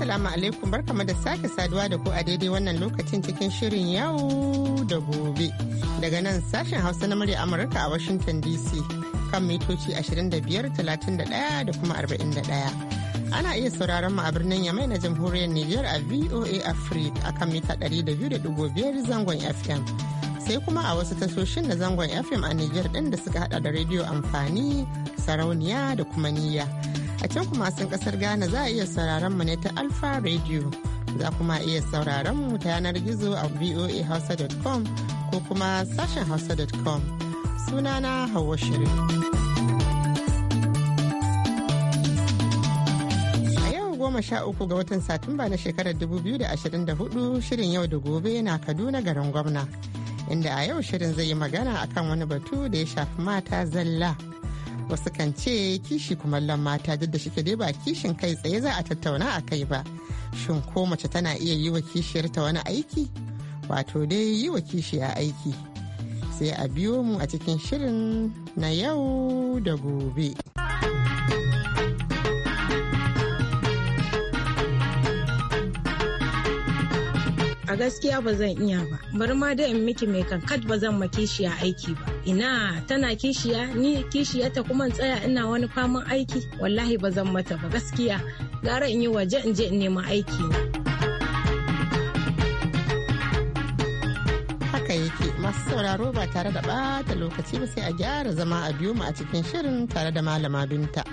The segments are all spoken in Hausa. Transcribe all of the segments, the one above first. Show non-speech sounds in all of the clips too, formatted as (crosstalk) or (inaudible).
Assalamu alaikum barkamu da sake saduwa da ku a daidai wannan lokacin cikin shirin yau da gobe. Daga nan sashen Hausa na murya Amurka a Washington DC kan mitoci 25, 31 da kuma 41. ana iya sauraron mu a birnin yamai na jamhuriyar Nijar a VOA Africa akan mita 200.5 zangon FM. Sai kuma a wasu tasoshin na zangon FM a Nijar ɗin da suka hada da rediyo amfani, sarauniya da kuma niyya. A can kuma sun kasar Ghana za a iya sauraron mu ne ta Alfa Radio. Za kuma iya sauraron mu ta yanar gizo a voahausa.com ko kuma sashen hausa.com. Sunana Hauwa yau goma sha uku ga watan satumba na shekarar da 2024 shirin yau da gobe na kaduna garin gwamna inda a yau shirin zai yi magana akan wani batu da ya shafi mata zalla wasu kan ce kishi kumallon mata duk da shike dai ba kishin kai tsaye za a tattauna a kai ba shin ko mace tana iya yi wa kishiyarta wani aiki wato dai yi wa a aiki sai a biyo mu a cikin shirin na yau da gobe. a gaskiya ba zan iya ba bari ma da in miki mai kankat ba zan maki shi a aiki ba ina tana kishiya ni kishiya ta kuma tsaya ina wani faman aiki wallahi ba zan mata ba gaskiya gara in yi waje in je in nema aiki haka yake masu sauraro ba tare da bata lokaci ba sai a gyara zama a biyu ma a cikin shirin tare da malama binta.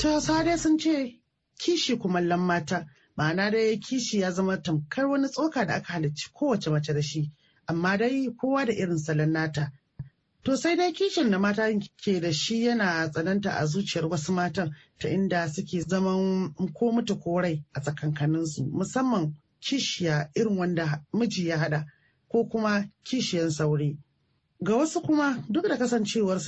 ta dai sun ce kishi kumallon mata ma'ana dai kishi ya zama tamkar wani tsoka da aka halarci kowace mace da shi amma dai kowa da irin salon nata To sai dai kishin da mata ke da shi yana tsananta a zuciyar wasu matan ta inda suke zaman ko mutu ko rai a tsakankaninsu musamman kishiya irin wanda miji ya hada ko kuma kishiyan saure. Ga wasu kuma duk da su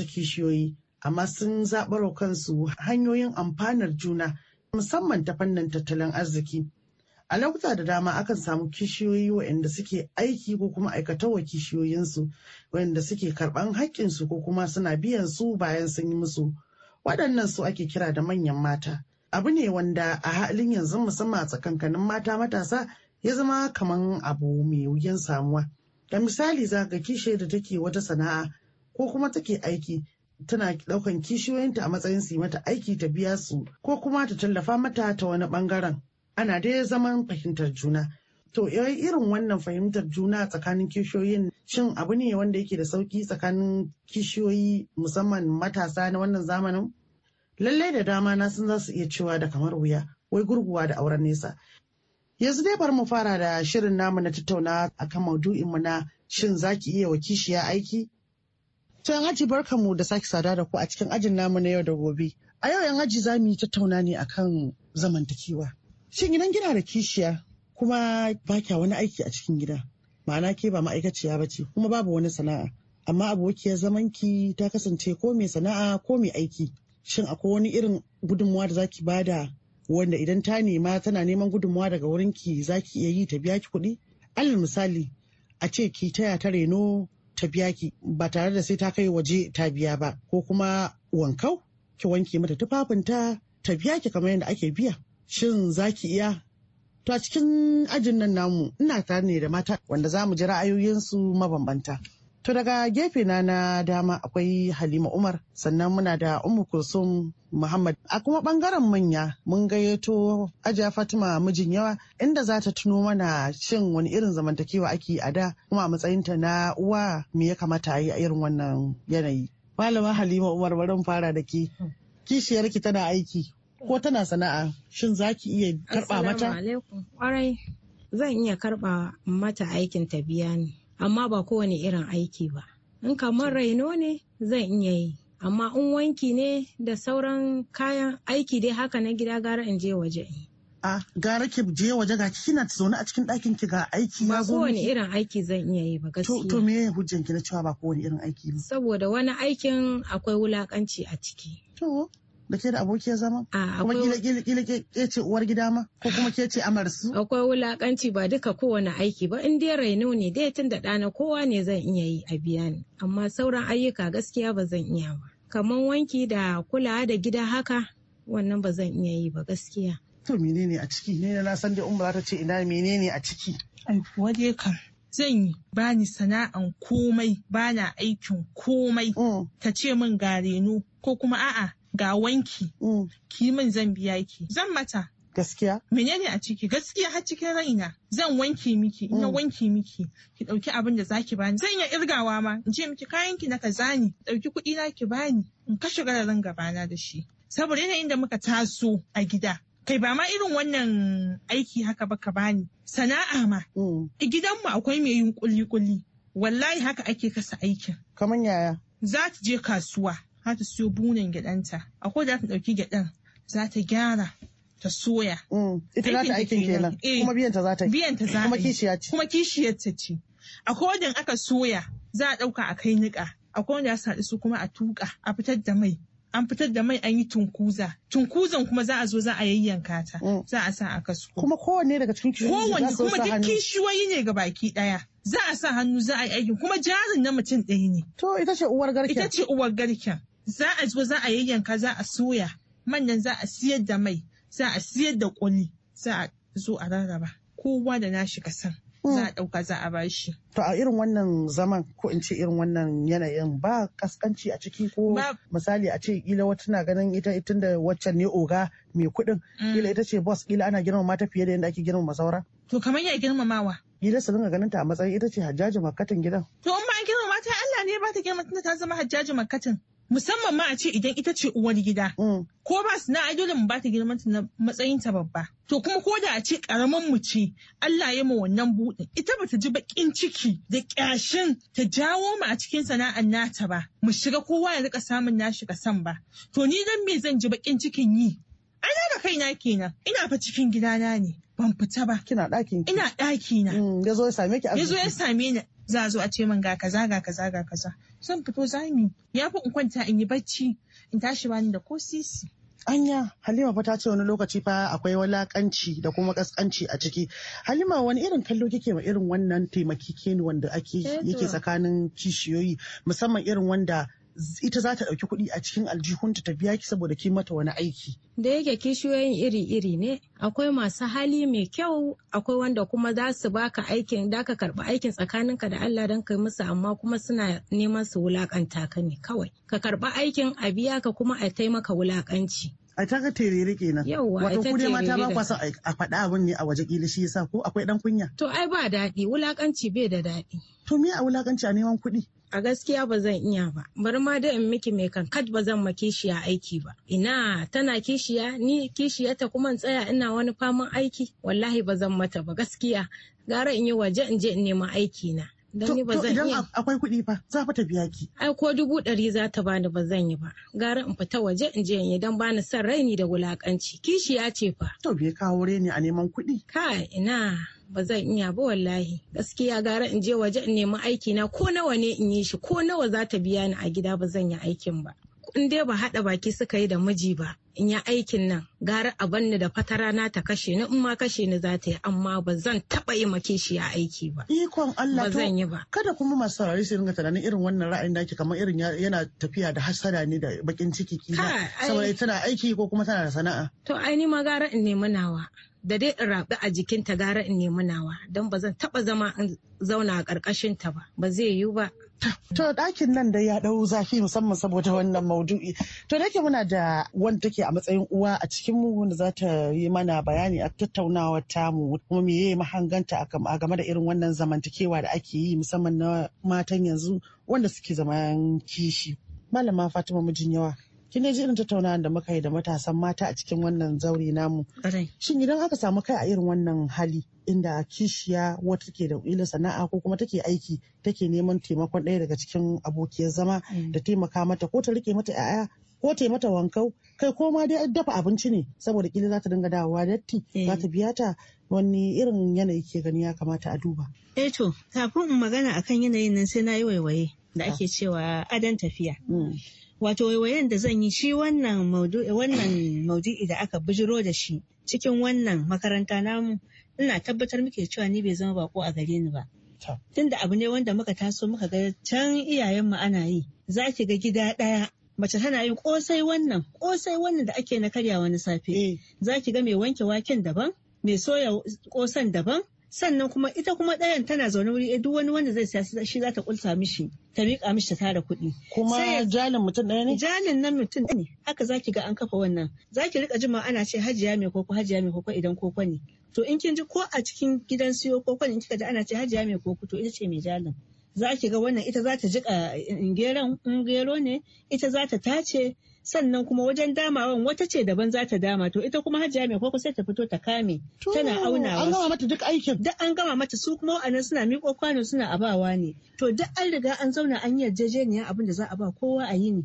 kishiyoyi amma sun zaɓaro kansu hanyoyin amfanar juna musamman ta fannin tattalin arziki a lokuta da dama akan samu kishiyoyi waɗanda suke aiki ko kuma aikata wa kishiyoyinsu waɗanda suke karɓan haƙƙinsu ko kuma suna biyan su bayan sun yi musu waɗannan su ake kira da manyan mata abu ne wanda a halin yanzu musamman a tsakankanin mata matasa ya zama kaman abu mai wuyan samuwa da misali za ga kishe da take wata sana'a ko kuma take aiki tana ɗaukan kishiyoyinta a matsayin su mata aiki ta biya su ko kuma ta tallafa mata ta wani ɓangaren ana dai zaman fahimtar juna to eh, irin wannan fahimtar juna tsakanin kishiyoyin cin abu ne wanda yake da sauki tsakanin kishiyoyi musamman matasa na wannan zamanin lallai da dama na sun za su iya cewa da kamar wuya wai gurguwa da auren nesa yanzu dai bar mu fara da shirin namu na tattauna akan maudu'in mu na shin zaki iya wa kishiya aiki yan haji barkamu da sake sada da ku a cikin ajin namu na yau da gobe. A yau yan haji za mu yi tattauna ne akan zamantakewa. Shin idan kina da kishiya kuma ba kya wani aiki a cikin gida ma'ana ke ba ma'aikaciya ba ce kuma babu wani sana'a amma abokiyar zamanki ta kasance ko mai sana'a ko mai aiki shin akwai wani irin gudunmuwa da zaki bada wanda idan ta nema tana neman gudunmuwa daga wurin wurinki zaki iya yi ta biya ki kuɗi alal misali a ce ki taya ta reno ta biya ki ba tare da sai ta kai waje ta biya ba ko kuma wankau ki wanke mata tufafinta ta biya ki kamar yadda ake biya shin zaki iya To a cikin ajin nan namu ina tare ne da mata wanda za mu ji ra'ayoyinsu mabambanta. To daga gefe na na dama akwai Halima Umar sannan muna da Ummu Kulsum Muhammad. A kuma bangaren manya mun gayyato Ajiya Fatima mijin yawa inda za ta tuno mana cin wani irin zamantakewa ake a da kuma a matsayinta na uwa me ya kamata a yi a irin wannan yanayi. Malama Halima Umar barin fara da ke. Hmm. Kishiyarki tana aiki ko tana sana'a shin za ki iya karɓa mata? Kwarai zan iya karɓa mata aikin ta biya ne amma ba kowane irin aiki ba. In kamar raino ne zan iya yi amma in wanki ne da sauran kayan aiki dai haka na gida gara in je waje. a gara ki je waje ga kina zaune a cikin ɗakin ki ga aiki ya zo ba kowane irin aiki zan iya yi ba gaskiya to me hujjan ki na cewa ba kowane irin aiki ba saboda wani aikin akwai wulakanci a ciki to da ke da abokiyar zama? Kuma kila ke ce uwar gida ma ko kuma ke ce amarsu? Akwai wulakanci ba duka kowane aiki ba in dai raino ne dai tun da ɗana kowa ne zan iya yi a biya ni amma sauran ayyuka gaskiya ba zan iya ba. Kamar wanki da kulawa da gida haka wannan ba zan iya yi ba gaskiya. To menene a ciki? Ne na san dai Umma ta ce ina menene a ciki? Ai kuwa dai zan yi bani sana'an komai bana aikin komai mm. ta ce min ga reno ko kuma a'a ga wanki mm. ki min zan biya ki zan mata gaskiya menene a ciki gaskiya har cikin raina zan wanke miki ina mm. wanki miki ki dauki abin da zaki bani zan iya irgawa ma in ce miki kayan ki na kaza ne dauki kuɗi na ki bani in kashe gararin gabana da shi saboda yanayin da muka taso a gida kai ba ma irin wannan aiki haka ba ka bani sana'a ma mm. a mu akwai mai yin kulli kuli. wallahi haka ake kasa aikin kamar yaya za ta je kasuwa za ta siyo bunan gyaɗanta a ko da ta ɗauki gyaɗan za ta gyara ta soya. Mm. Ita za ta aikin kenan eh. kuma biyan ta za ta yi kuma kishiya ce kuma kishiyar ta ce a ko da aka soya za a ɗauka a kai niƙa a ko da su su kuma a tuƙa a fitar da mai an fitar da mai an yi tunkuza tunkuzan kuma za a zo za a yayyanka ta mm. za a sa a kasu kuma kowanne daga cikin kishiyoyi hannu. kuma duk kishiyoyi ne ga baki ɗaya za a sa hannu za a yi aikin kuma jarin na mutum ɗaya ne to ita ce uwar garken ita ce uwar garken za a zo za a yayyanka za a soya manyan za a siyar da mai za a siyar da ƙuni, za a zo a rarraba kowa da nashi kasan za a ɗauka za a bashi. To a irin wannan zaman ko in ce irin wannan yanayin ba kaskanci a ciki ko misali a ce ila wata na ganin ita tun da waccan ne oga mai kuɗin mm. ila ita ce boss ila ana girmama ta fiye da yadda ake girmama saura. To kamar ya girmamawa. Ila su dinga ganin ta a matsayin ita ce hajjaji makatin gidan. To in ma girmama ta Allah ne ba ta girmama ta zama hajjaji makatin. musamman ma a ce idan ita ce uwar gida mm. ko ba su na dole mu ta girman ta na matsayin ta babba to kuma ko da a ce karamin mu ce Allah ya ma wannan bude ita bata ji bakin ciki da kyashin ta jawo mu a cikin sana'ar nata ba mu shiga kowa ya rika samun nashi kasan ba to ni dan me zan ji bakin cikin yi ai da kaina kenan ina fa cikin gidana ne ban fita ba. Kina ɗakin Ina ɗakina. na. Mm, ya ya same ki a ya same ni za a zo a ce min ga kaza ga kaza ga kaza zan fito zami ya fi in kwanta in yi bacci in tashi bani da ko sisi anya halima fa ta ce wani lokaci fa akwai walakanci da kuma kaskanci a ciki halima wani irin kallo kike ma irin wannan taimaki wanda ake eh yake tsakanin kishiyoyi musamman irin wanda ita za ta ɗauki kuɗi a cikin aljihunta ta biya ki saboda ki mata wani aiki. Da yake kishiyoyin iri-iri ne, akwai masu hali mai kyau, akwai wanda kuma za su baka aikin, da ka karɓi aikin tsakaninka da Allah don kai musu amma kuma suna neman su wulaƙanta ka ne kawai. Ka karɓi aikin a biya ka kuma a taimaka wulaƙanci. a taka terere kenan wato ku dai mata ba kwasa a faɗa abin ne a waje ƙila shi yasa ko akwai ɗan kunya to ai ba daɗi wulakanci bai da daɗi to me a wulakanci a neman kuɗi a gaskiya ba zan iya ba bari ma da in miki mai kankat ba zan ma kishiya aiki ba ina tana kishiya ni kishiya ta kuma in tsaya ina wani faman aiki wallahi ba zan mata ba gaskiya gara in yi waje in je in nema aiki na Don ba zan iya. akwai kuɗi fa za ta biya ki. Ai ko dubu ɗari za ta bani ba zan yi ba. Gara in fita waje in je in yi don bani son raini da wulakanci. ya ce fa. To bai kawo reni a neman kuɗi. Kai ina. ba zan iya ba wallahi gaskiya gara in je waje in nemi aiki na ko nawa ne in yi shi ko nawa za ta biya ni a gida ba zan yi aikin ba in dai ba haɗa baki suka yi da miji ba in yi aikin nan gara a banni da fatara na ta kashe ni in ma kashe ni za ta yi amma ba zan taɓa yi make shi a aiki ba. Ikon Allah ba yi ba. Kada kuma masu saurari su ringa tunanin irin wannan ra'ayin naki kamar irin yana tafiya da hasara ne da bakin ciki kila. Saboda tana aiki ko kuma tana da sana'a. To ai ni ma gara in nemi nawa. Da dai in raɓi a jikinta gara in nemi nawa don ba zan taɓa zama in zauna a ƙarƙashinta ba ba zai yiwu ba To ɗakin nan da ya ɗau zafi musamman saboda wannan maudu'i. To da muna da wanda take a matsayin uwa a cikin mu wanda za ta yi mana bayani a tattaunawa ta mu kuma me yayi mahanganta a game da irin wannan zamantakewa da ake yi musamman na matan yanzu wanda suke zaman kishi. Malama Fatima mijin yawa kin ji irin tattaunawa da muka yi da matasan mata a cikin wannan zauri namu shin idan aka samu kai a irin wannan hali inda kishiya wata ke da ila sana'a ko kuma take aiki take neman taimakon ɗaya daga cikin abokiyar zama mm. da taimaka mata ko ta rike mata 'ya'ya ko ta mata wankau kai ko ma dai dafa abinci ne saboda kila za ta dinga dawowa datti eh. za ta biya ta wani irin yanayi ke gani ya kamata a duba. Eh kafin in magana akan yanayin nan sai na yi waiwaye da ah. ake cewa adan tafiya. Mm. wato waiwayen da zan yi shi wannan wannan maudu'i da aka bijiro da shi cikin wannan makaranta namu ina tabbatar muke cewa ni bai zama bako a gare ni ba tunda abu ne wanda muka taso muka ga can iyayen mu ana yi za ki ga gida ɗaya mace tana yin kosai wannan kosai wannan da ake na karya wani safe eh. za ki ga mai wanke waken daban mai soya kosan daban sannan kuma ita kuma ɗayan tana zaune wuri duk wani wanda zai siya shi za ta kulta mishi ta miƙa mishi ta tara kuɗi. Kuma jalin mutum ɗaya ne? Jalin nan mutum ɗaya ne haka zaki ga an kafa wannan zaki rika jima ana ce hajiya mai koko hajiya mai koko idan koko ne. To in kin ji ko a cikin gidan siyo koko ne kika ji ana ce hajiya mai koko to ita ce mai jalin. Za ki ga wannan ita za ta jiƙa eh, geron in gero ne ita za ta tace sannan kuma wajen damawan wata ce daban za ta dama to ita kuma hajiya mai kwakwa sai ta fito ta kame tana wasu. an gama mata duk aikin duk an gama mata su kuma wa'annan suna miƙo kwano suna abawa ne to duk an riga an zauna an yarjejeniya abin da za a ba kowa a yini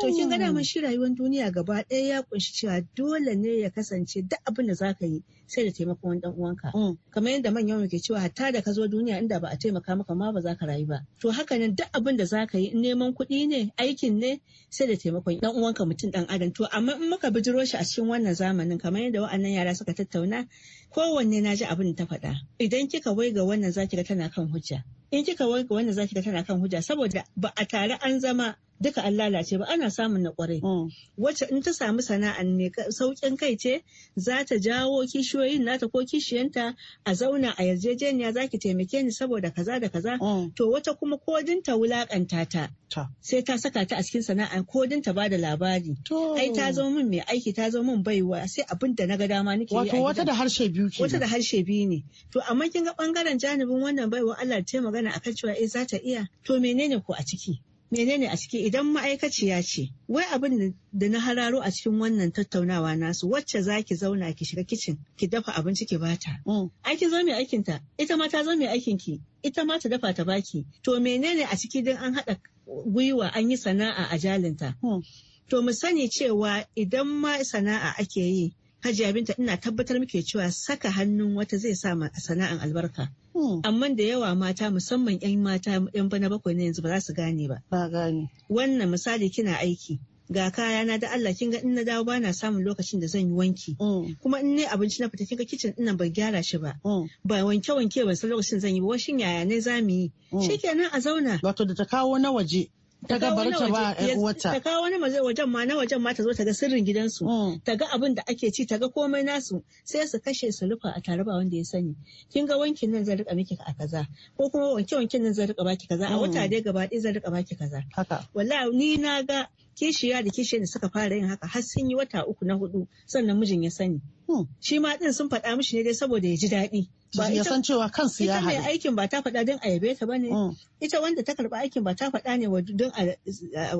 to kin ga daman shi rayuwar duniya gaba ɗaya ya ƙunshi cewa dole ne ya kasance duk abin da za ka yi sai da taimakon dan uwanka mm. kamar yadda manyan ke cewa hatta da ka zo duniya inda ba a taimaka maka ma ba za ka rayu ba to haka nan duk abin da za ka yi neman kuɗi ne aikin ne sai da taimakon dan uwanka mutum dan adam to amma in muka bijiro shi a cikin wannan zamanin kamar yadda wa'annan yara suka tattauna kowanne na ji abin da ta faɗa idan kika wai ga wannan zaki ga tana kan hujja in kika wai ga wannan zaki ga tana kan hujja saboda ba a tare an zama duka an lalace ba ana samun na kwarai. Mm. Wacce in ta samu sana'an ne sauƙin kai ce za ta jawo kishiyoyin nata ko kishiyanta a zauna a yarjejeniya za ki taimake ni saboda kaza da kaza. Mm. To wata kuma kodin ta wulakanta ta. Sai ta saka ta a cikin sana'a kodin ta bada labari. Ai ta zo min mai aiki ta zo min baiwa sai abin da na ga dama nake yi. Wato wata da harshe biyu ke. Wata da harshe biyu ne. To amma kin ga bangaren janibin wannan baiwa Allah ta yi magana akan cewa eh za ta iya. To menene ko a ciki? menene a ciki idan ma'aikaciya ce wai abin da na hararo a cikin wannan tattaunawa nasu wacce za ki zauna ki shiga kicin ki dafa abinci ki bata mm. aikin zo mai aikin ta ita ma ta zo mai aikin ki ita ma ta dafa ta baki to menene a ciki din an hada gwiwa an yi sana'a a jalinta mm. to mu sani cewa idan ma sana'a ake yi Hajiya Binta ina tabbatar muke cewa saka hannun wata zai sa sana'an albarka. Hmm. Amma da yawa mata musamman 'yan mata 'yan bana bakwai na yanzu ba za su gane ba. Ba gane. Wannan misali kina aiki. ga kaya na da Allah kinga in na dawo bana samun lokacin da zan yi wanki hmm. kuma in ne abinci na fita kinga kitchen din nan ban gyara shi ba hmm. ba wanke wanke ba san lokacin zan yi ba washin yaya ne za mu yi shikenan a zauna wato da ta kawo na waje ta ga bar ta ba wata ta kawo wani wajen ma na wajen ma ta zo ta ga sirrin gidansu mm. ta ga abin da ake ci ta ga komai nasu sai su kashe su rufa a tare ba wanda ya sani kin ga wankin nan zai rika miki a kaza ko kuma wanke wankin nan zai rika baki kaza a wata mm. dai gaba ɗaya zai rika baki kaza haka wallahi ni na ga kishiya da kishiya da suka fara yin haka har sun yi wata uku na hudu sannan mijin ya sani Hmm. shi ma din sun faɗa mishi ne dai saboda ya ji daɗi ba ya san cewa kansu ya haɗu. Ita mai aikin ba ta faɗa don a yabe ta ba ne. Hmm. Ita wanda ta karɓa aikin ba ta faɗa ne don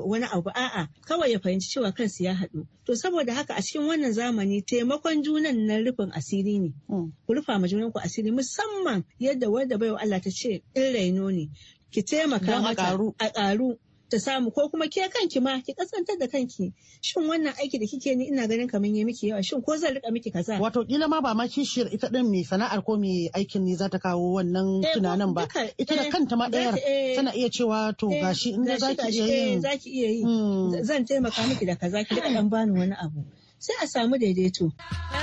wani abu a'a kawai ya fahimci cewa kansu ya haɗu. To saboda haka a cikin wannan zamani taimakon junan na rufin asiri ne. Hmm. Ku rufa ma junan ku asiri musamman yadda wanda baiwa Allah ta ce in raino ne. Ki taimaka mata a ƙaru. ta samu ko kuma ke kanki ma ki kasantar da kanki shin wannan aiki da kike ni ina ganin kamar ya miki yawa shin ko zan rika miki kaza wato kila ma ba ma kishiyar ita din mai sana'ar ko mai aikin ne za ta kawo wannan eh, tunanin ba ita da eh, kanta ma ɗayar eh. tana iya cewa to gashi in da zaki iya yi zaki iya yi zan taimaka miki da kaza ki da dan bani wani abu sai a samu daidaito.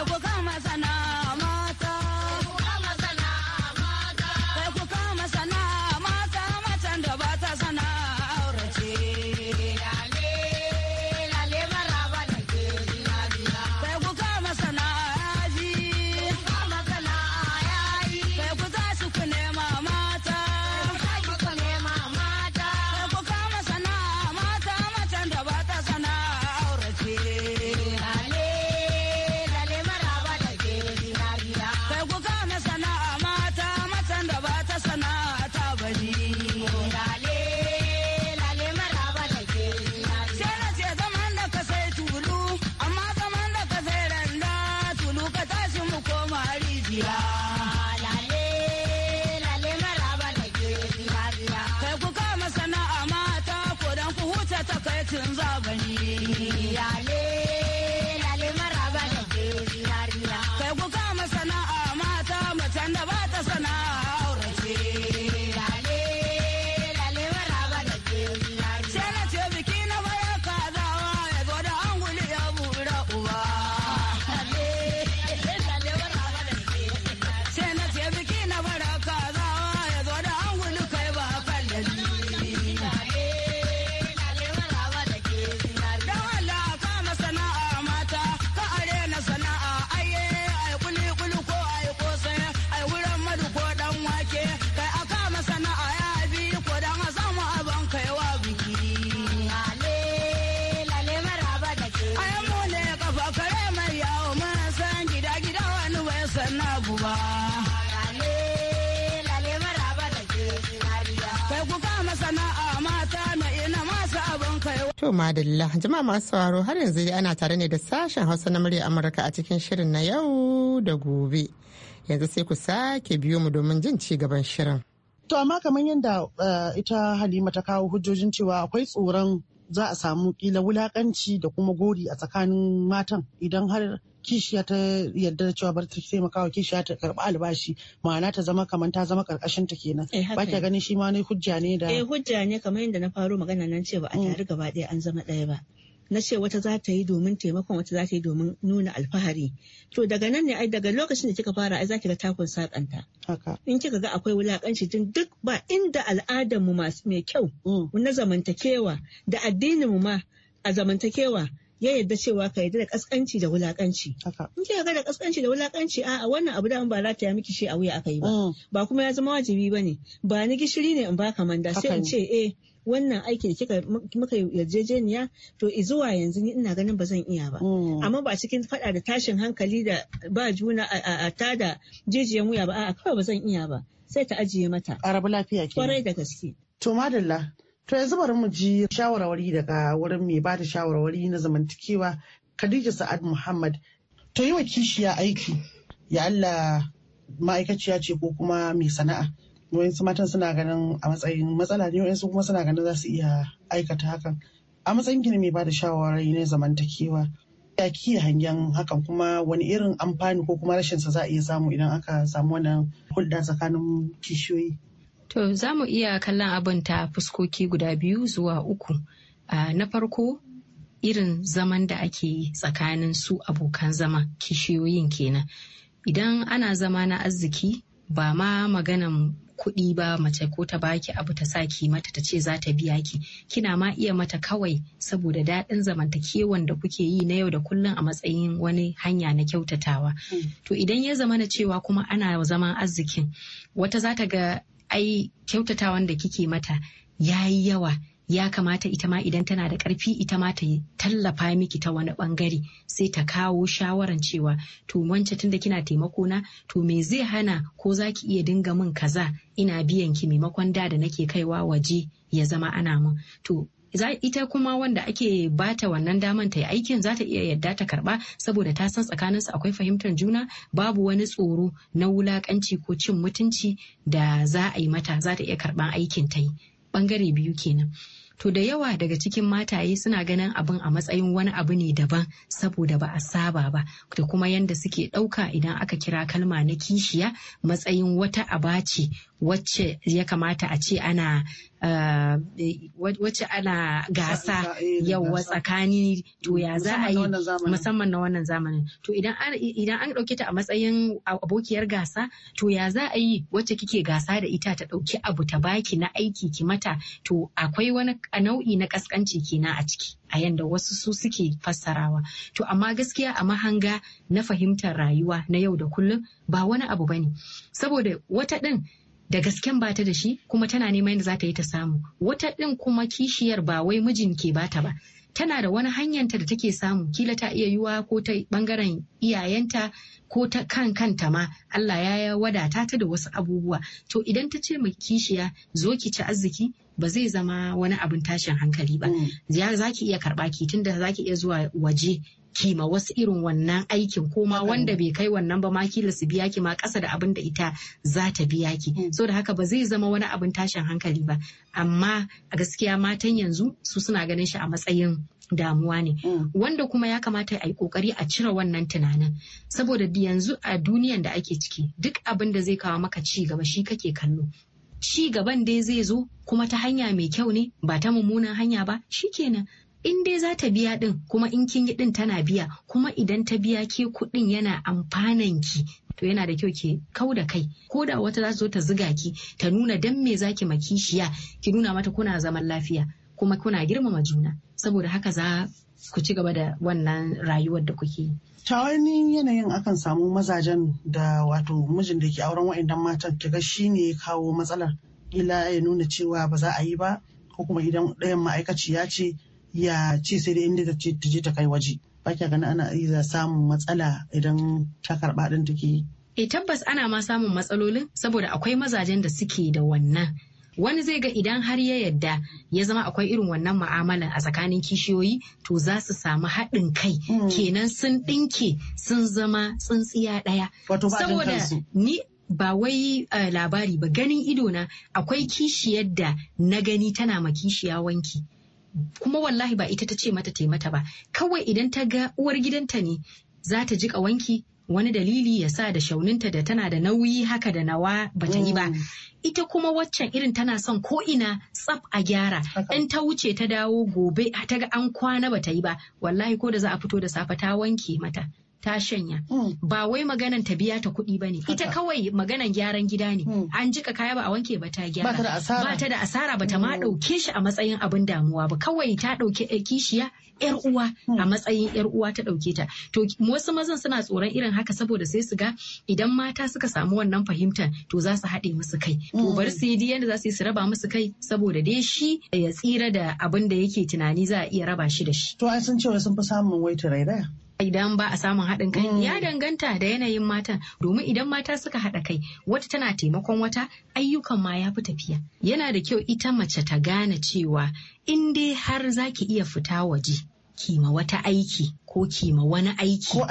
Ko kama To madalla jama'a masu sauraro har yanzu dai ana tare ne da sashen Hausa na murya Amurka a cikin shirin na yau da gobe. Yanzu sai ku sake biyo mu domin jin ci gaban shirin. To amma kamar yadda eh, ita Halima ta kawo hujjojin cewa akwai tsoron za a samu kila wulakanci da kuma gori a tsakanin matan idan har kishiya ta yarda da cewa bari ta taimaka wa kishiya ta karba albashi ma'ana ta zama kamar ta zama karkashin ta kenan eh, ba ke ganin shi ma ne hujja ne da eh hujja ne kamar yadda na faro magana nan ce ba a mm. tare gaba ɗaya an zama ɗaya ba na ce wata za ta yi domin taimakon wata za ta yi domin nuna alfahari to daga nan ne ai daga lokacin da kika fara ai za ki ga takun sakanta in kika ga akwai wulakanci tun duk ba inda al'adar mu masu mai kyau mm. na zamantakewa da addinin mu ma a zamantakewa ya yadda cewa ka yadda da kaskanci da wulakanci in kika ga da kaskanci da wulakanci a wannan abu da an ba ta ya miki shi a wuya aka yi ba mm. ba kuma ya zama wajibi ba ne. ba ni gishiri ne in ba ka manda sai in ce eh wannan aikin kika muka yarjejeniya to zuwa yanzu ni ina ganin ba zan iya ba mm. amma ba cikin fada da tashin hankali da ba juna a tada jijiyan wuya ba a'a kawai ba zan iya ba sai ta ajiye mata arabu lafiya ke kwarai da gaske to madalla To yanzu bari mu ji shawarwari daga wurin mai bada shawarwari na zamantakewa Khadija Sa'ad Muhammad. To yi wa kishiya aiki ya Allah ma'aikaciya ce ko kuma mai sana'a. Wayansu matan suna ganin a matsayin matsala ne wayansu kuma suna ganin za su iya aikata hakan. A matsayin ki mai bada shawarwari na zamantakewa. Ya kiyaye hangen hakan kuma wani irin amfani ko kuma rashin sa za a iya samu idan aka samu wannan hulɗa tsakanin kishiyoyi. To za mu iya kallon abin ta fuskoki guda biyu zuwa uku. Uh, na farko irin zaman da ake tsakanin su abokan zama kishiyoyin kenan. Idan ana zama na arziki ba ma maganan kuɗi ba mace ko ta baki abu ta sa ki mata ta ce za ta biya ki kina ma iya mata kawai saboda daɗin zamantakewan da kuke yi na yau da kullum a matsayin wani hanya na kyautatawa mm. to idan ya zama na cewa kuma ana zaman arzikin wata za ta ga ai kyautatawan da kike mata ya yi yawa ya kamata ita ma idan tana da ƙarfi ita ma ta tallafa miki ta wani bangare sai ta kawo shawaran cewa to wance tun da kina taimako na to me zai hana ko za ki iya dinga min kaza ina biyan ki maimakon da da nake kaiwa waje ya zama ana min to ita kuma wanda ake bata wannan daman ta yi aikin za ta iya yadda ta karba saboda ta san tsakaninsu akwai fahimtar juna babu wani tsoro na wulakanci ko cin mutunci da za a yi mata za ta iya karban aikin ta yi bangare biyu kenan to da yawa daga cikin mataye suna ganin abin a matsayin wani abu ne daban saboda ba a saba ba da kuma yanda suke ɗauka idan aka kira kalma na kishiya matsayin wata abaci wacce ya kamata a ce ana Eh, wacce ana gasa eh, yawa tsakani to ya za a yi musamman na wannan zamanin to idan an ɗauke ta a matsayin abokiyar gasa to ya za a yi wacce kike gasa da ita ta ɗauki abu ta baki na aiki ki mata to akwai wani nau'i na ƙasƙanci kenan a ciki a yanda wasu su suke fassarawa to amma gaskiya a mahanga na fahimtar rayuwa na yau da kullum ba wani abu bane saboda wata ɗin da gasken bata da shi kuma tana neman yadda za ta yi ta samu wata ɗin kuma kishiyar ba wai mijin ke ba ta ba tana da wani hanyanta da take samu kila ta iya yiwa ko ta ɓangaren iyayenta ko ta kan kanta ma Allah ya wadata ta da wasu abubuwa to idan ta ce mai kishiya zo ki ci arziki ba zai zama wani abin tashin hankali ba mm. za ki iya karɓa ki tunda za ki iya zuwa waje kima wasu irin wannan aikin ko ma wanda bai kai wannan ba ma kila su biya ki ma kasa da abin da ita za ta biya ki mm. so da haka ba zai zama wani abin tashin hankali ba amma a gaskiya matan yanzu su suna ganin shi a matsayin damuwa ne mm. wanda kuma ya kamata a yi kokari a cire wannan tunanin saboda yanzu a duniyan da ake ciki duk abin da zai kawo maka ci gaba shi kake kallo ci gaban dai zai zo kuma ta hanya mai kyau ne ba ta mummunan hanya ba shi kenan. in dai za ta biya din kuma in kin yi din tana biya kuma idan ta biya ke kuɗin yana amfanan ki to yana da kyau ki kau da kai ko da wata za zo ta ziga ki ta nuna dan me za zaki makishiya ki nuna mata kuna zaman lafiya kuma kuna girmama juna saboda haka za ku ci gaba da wannan rayuwar da kuke yi. wani yanayin akan samu mazajen da wato mijin da ke auren wa'annan matan kiga shi ne kawo matsalar ila ya nuna cewa ba za a yi ba ko kuma idan ɗayan ma'aikaciya ce ya ce sai dai inda ta je ta kai waje ba kya gani ana iya samun matsala idan ta karɓa ɗin take yi. E tabbas ana ma samun matsalolin saboda akwai mazajen da suke da wannan wani zai ga idan har ya yadda ya zama akwai irin wannan ma'amalan a tsakanin kishiyoyi to za su samu haɗin kai hmm. kenan sun ɗinke sun zama tsintsiya ɗaya saboda ni ba wai eh, labari ba ganin idona akwai kishiyar da na gani tana ma kishiya wanki kuma wallahi ba ita ta ce mata ta mata ba kawai idan ta ga uwar gidanta ne za ta jika wanki wani dalili ya sa da shauninta da tana da nauyi haka da nawa ba ta yi ba mm. ita kuma waccan irin tana son ko ina tsaf a gyara in ta wuce ta dawo gobe ta ga an kwana ba ta yi ba wallahi ko da za a fito da safe ta wanke mata ta shanya mm. ba wai maganan ta biya ta kuɗi ba ne ita kawai maganan gyaran gida ne mm. an jika kaya ba a wanke ba ta gyara ba ta da asara ba ta ma mm. ɗauke shi a matsayin abin damuwa ba kawai ta ɗauke eh, kishiya yar uwa a matsayin yar uwa ta ɗauke ta to wasu mazan suna tsoron irin haka saboda sai su ga idan mata suka samu wannan fahimta to za su haɗe musu kai to bari su yi yadda za su yi su raba musu kai saboda dai shi ya tsira da abin da yake tunani za a iya raba shi da shi to an san cewa sun fi samun wai turairaya idan ba a samun haɗin kai mm. ya danganta da yanayin mata domin idan mata suka haɗa kai wata tana taimakon wata ayyukan ma ya fi tafiya yana da kyau ita mace ta gane cewa in dai har zaki iya fita waje kima wata aiki ko kima wani aiki ko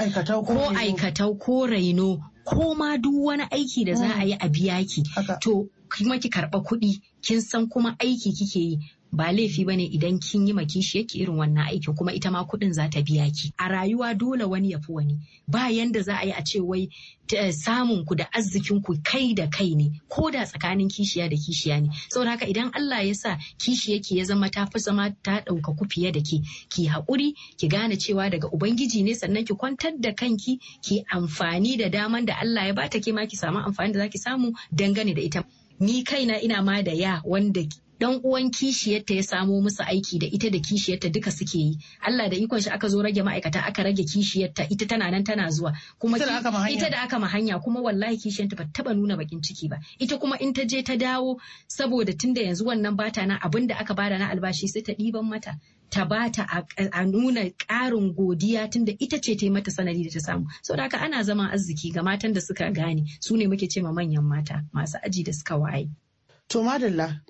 aikatau ko raino ko ma duk wani aiki da za a mm. yi a biya ki to kuma ki karɓa kuɗi kin san kuma aiki kike yi ba laifi bane idan kin yi makishi yake irin wannan aikin kuma ita ma kuɗin za ta biya ki a rayuwa dole wani ya fi wani ba yanda za a yi a ce wai eh, samun ku da arzikin ku kai da kai ne ko da tsakanin kishiya da kishiya ne saboda haka idan Allah ya sa kishi yake ya zama ta fi zama ta ɗauka ku fiye da ke ki haƙuri ki gane cewa daga ubangiji ne sannan ki kwantar da kanki ki amfani da daman da Allah ya bata ke ma ki samu amfani da zaki samu dangane da ita ni kaina ina ma da ya wanda dan uwan kishiyarta ya samo musu aiki da ita da kishiyarta duka suke yi Allah da ikon shi aka zo rage ma'aikata aka rage kishiyarta ita tana nan tana zuwa kuma ita da aka mahanya kuma wallahi kishiyarta ba taba nuna bakin ciki ba ita kuma in ta je ta dawo saboda tunda yanzu wannan bata na abin da aka bada na albashi sai ta ɗiban mata ta bata a nuna ƙarin godiya tunda ita ce ta yi mata sanadi da ta samu saboda haka ana zama arziki ga matan da suka gane su ne muke ce ma manyan mata masu aji da suka waye to madalla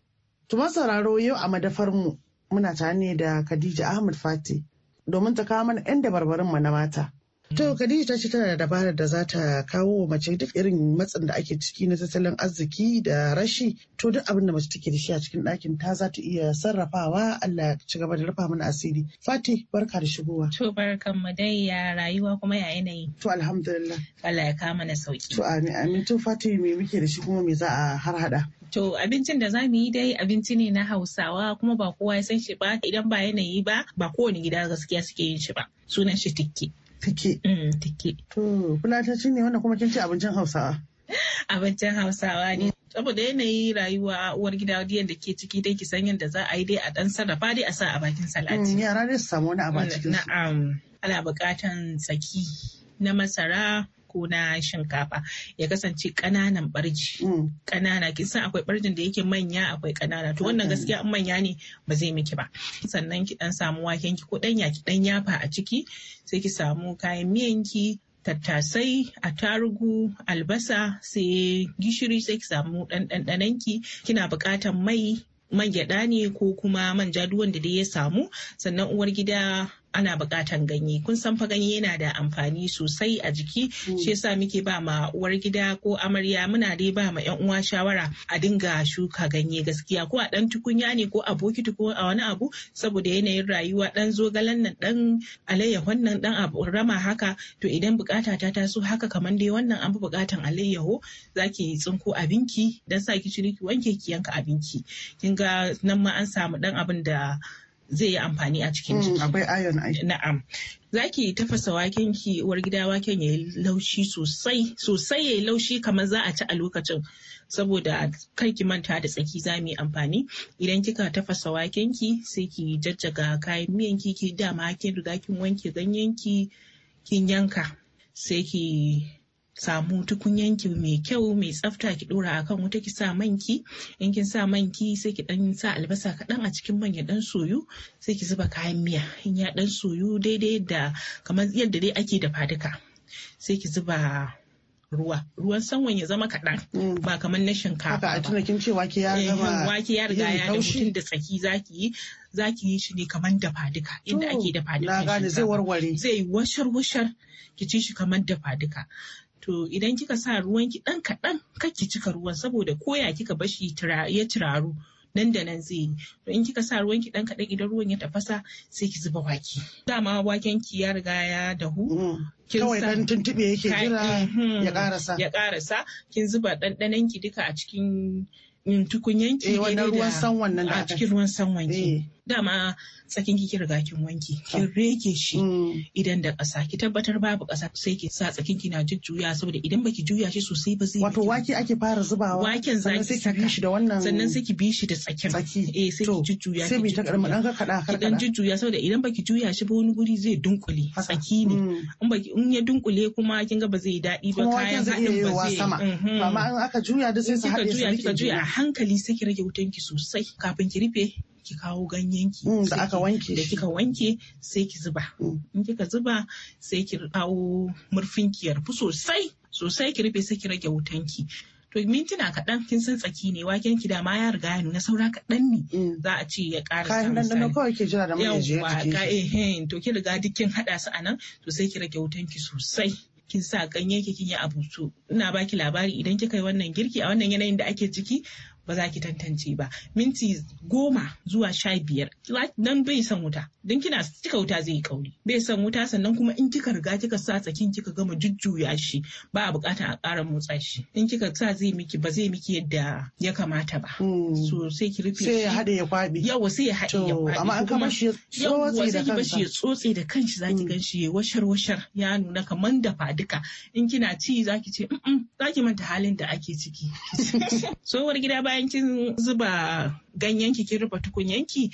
Tuma sauraro yau a madafar mu muna tare ne da Khadija Ahmad Fati domin ta kawo mana 'yan dabarbarin mu na mata. To mm. Khadija ta ce tana da dabarar da za ta kawo mace duk irin matsin da ake ciki na tattalin arziki da rashi to duk abin da mace take da shi a cikin ɗakin ta za ta iya sarrafawa Allah ya ci gaba da rufa mana asiri. Fati barka da shigowa. To barkan mu dai ya rayuwa kuma ya yanayi. To alhamdulillah. Allah ya kama na sauki. To amin amin to Fati me muke da shi kuma me za a harhaɗa? To abincin da za mu yi dai abinci ne na Hausawa kuma ba kowa ya san shi ba idan ba yanayi ba ba kowane gida gaskiya suke yin shi ba. Sunan shi tikki. Tiki. Mm, Tiki. To, fulataci ne wanda kuma kin ci abincin Hausawa. (laughs) Abincin Hausawa ne. Saboda yanayi rayuwa uwar gida yadda ke ciki dai ki san yadda za a yi dai a dan sarrafa dai a sa a bakin salati. Mm, yara dai su samu wani a bakin mm, su. Na'am. Ana bukatan tsaki na masara ko na shinkafa ya kasance ƙananan barji mm. ƙanana kin san akwai barjin da yake manya akwai ƙanana to wannan gaskiya in manya ne ba zai miki ba sannan ki dan samu waken ki ko dan ki dan yafa a ciki sai ki samu kayan miyan ki tattasai attarugu albasa sai gishiri sai ki samu ɗanɗanon ki kina buƙatar mai man gyaɗa ne ko kuma manja duk da dai ya samu sannan uwar gida ana buƙatan ganye kun san fa ganye yana da amfani sosai a jiki mm. shi yasa muke ba ma uwar gida ko amarya muna dai ba ma yan uwa shawara a dinga shuka ganye gaskiya ko a dan tukunya ne ko a bokiti ko a wani abu saboda yanayin rayuwa dan zogalen nan dan alayyahon nan dan abu rama haka to idan bukata ta taso haka kamar dai wannan an bi bukatan alayyaho zaki tsinko abinki dan sa ki ciri wanke ki yanka abinki kin ga nan ma an samu dan abin da zai yi amfani a cikin mm, jiki. Akwai iron Na'am. Za ki tafasa waken ki uwar gida waken ya yi laushi sosai sosai ya yi laushi kamar za a ci a lokacin saboda kar ki manta da tsaki za mu yi amfani idan kika tafasa waken ki sai ki jajjaga kayan miyan ki ki dama kin riga kin wanke ganyen ki kin yanka sai ki samu tukunyanki mai kyau mai tsafta ki dora kan wuta ki sa manki in kin sa manki sai ki dan sa albasa kaɗan a cikin man ya dan soyu sai ki zuba kayan miya in ya dan soyu daidai da kamar yadda dai ake dafa duka sai ki zuba ruwa ruwan sanwan ya zama kaɗan mm. ba kamar na shinkafa ba. a tuna kin ce wake ya zama eh, wake ya riga ya da mutum da tsaki zaki yi zaki yi shi ne kamar dafa duka inda ake dafa duka. Na gane zai warware. Zai washar washar ki ci shi kamar dafa duka. to idan kika sa ruwan ki dan kaɗan ki cika ruwan saboda koya kika bashi ya turaru nan da nan zai yi to in kika sa ruwan ki dan kaɗan idan ruwan ya tafasa sai ki zuba wake dama waken ki ya riga ya dahu mm. kawai dan tuntube yake jira eh, ya karasa hmm, ya karasa kin zuba ɗanɗanon ki duka a cikin mm, tukunyan ki eh, da a cikin ruwan sanwan ki eh. dama tsakin ki riga kin wanki kin rage shi mm. idan da ƙasa ki tabbatar babu ƙasa sai ki sa tsakin ki na jujjuya saboda idan baki juya shi sosai ba zai wato wake ake fara zubawa waken za sai ki bi shi da wannan sannan sai ki bi shi da tsakin eh sai ki jujjuya sai mi ta karma dan kada kada dan jujjuya saboda idan baki juya shi ba wani guri zai dunkule tsaki ne mm. in baki in ya dunkule kuma kin ga ba zai daɗi ba kayan hadin ba zai mhm. amma in aka juya da sai su haɗe su juya a hankali sai ki rage wutan ki sosai kafin ki rufe ki kawo ganyen mm, ki da aka wanke da kika wanke sai ki zuba mm. in kika zuba sai ki kawo murfin ki yarfu sosai sosai ki rufe sai ki rage wutan ki to mintuna kaɗan kin san tsaki ne waken ki da ma ya riga ya nuna saura kaɗan ne mm. za a ce ya ƙara kayan ɗanɗano kawai ke jira da mai jiya jiki eh, to ki riga duk kin haɗa su a nan to sai ki rage wutanki sosai kin sa ganye ki kin yi abu ina baki labari idan kika yi wannan girki a wannan yanayin da ake ciki ba za ki tantance ba minti goma zuwa sha biyar nan bai son wuta don kina cika wuta zai yi kauri bai san wuta sannan kuma in kika riga kika sa tsakin kika gama jujjuya shi ba a bukata a ƙara motsa shi in kika sa zai miki ba zai miki yadda ya kamata ba hmm. so sai ki rufe sai ya haɗe ya kwabi yawa sai ya haɗe ya kwabi amma an kama shi tsotsi da kansa shi ya tsotse da kanshi zaki hmm. gan shi ya washar washar ya nuna kaman da faduka in kina ci zaki ce zaki manta halin da ake ciki tsohuwar (laughs) gida bayan kin zuba ganyen kin rufe tukunyanki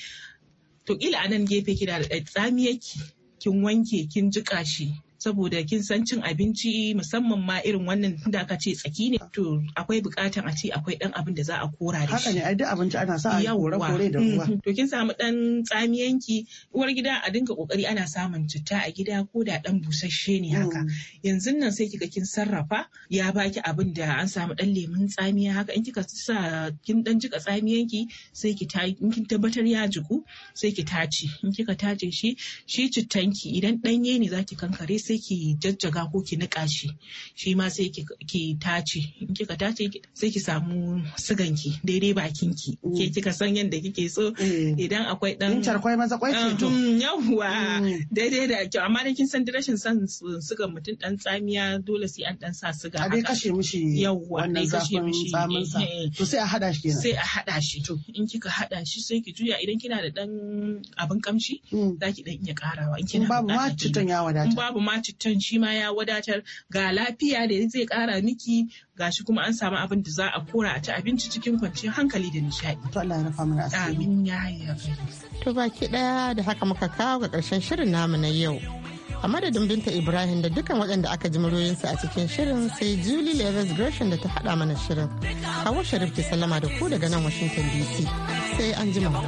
to kila anan nan gefe kina da tsami yake kin wanke kin jiƙa shi saboda kin san cin abinci musamman ma irin wannan da aka ce tsaki ne to akwai bukatan a ce akwai dan abin da za a kora da shi. Haka ne ai duk abinci ana sa a kore kore da ruwa. Mm-hmm. To kin samu dan tsamiyanki uwar gida a dinga kokari ana samun citta a gida ko da dan busasshe ne haka. Mm. Yanzu nan sai kika kin sarrafa ya baki abin da an samu dan lemun tsamiya haka in kika sa kin dan jika tsamiyanki sai ki in kin tabbatar ya jiku sai ki tace in kika tace shi shi cittanki idan danye ne zaki kankare sai sai ki jajjaga ko ki niƙa shi shi ma sai ki tace in kika tace sai ki samu sigan ki daidai bakin ki mm. ke kika san yadda kike so eh. idan akwai dan kwai maza kwai ce to mm, yawwa mm. daidai da kyau amma kin san rashin san sugan mutum dan tsamiya dole sai an dan sa suga haka a kashe mishi yawwa wannan zafin tsamin sa eh, eh. to sai a hada shi kenan sai a hada shi to in kika hada shi sai ki juya idan kina da dan abin kamshi zaki dan iya karawa in kina babu ma cutan ya wadata babu ma cittan shi ma ya wadatar ga lafiya da zai kara miki ga shi kuma an samu abin da za a kora a ci abinci cikin kwanciyar hankali da nishaɗi. To Allah ya rufa mana asiri. Amin ya To baki ɗaya da haka muka kawo ga karshen shirin namu na yau. a madadin binta ibrahim da dukkan waɗanda aka ji muryoyinsu a cikin shirin sai julie levis Gershon da ta haɗa mana shirin hawa sharif ke sallama da ku daga nan washington dc sai an jima.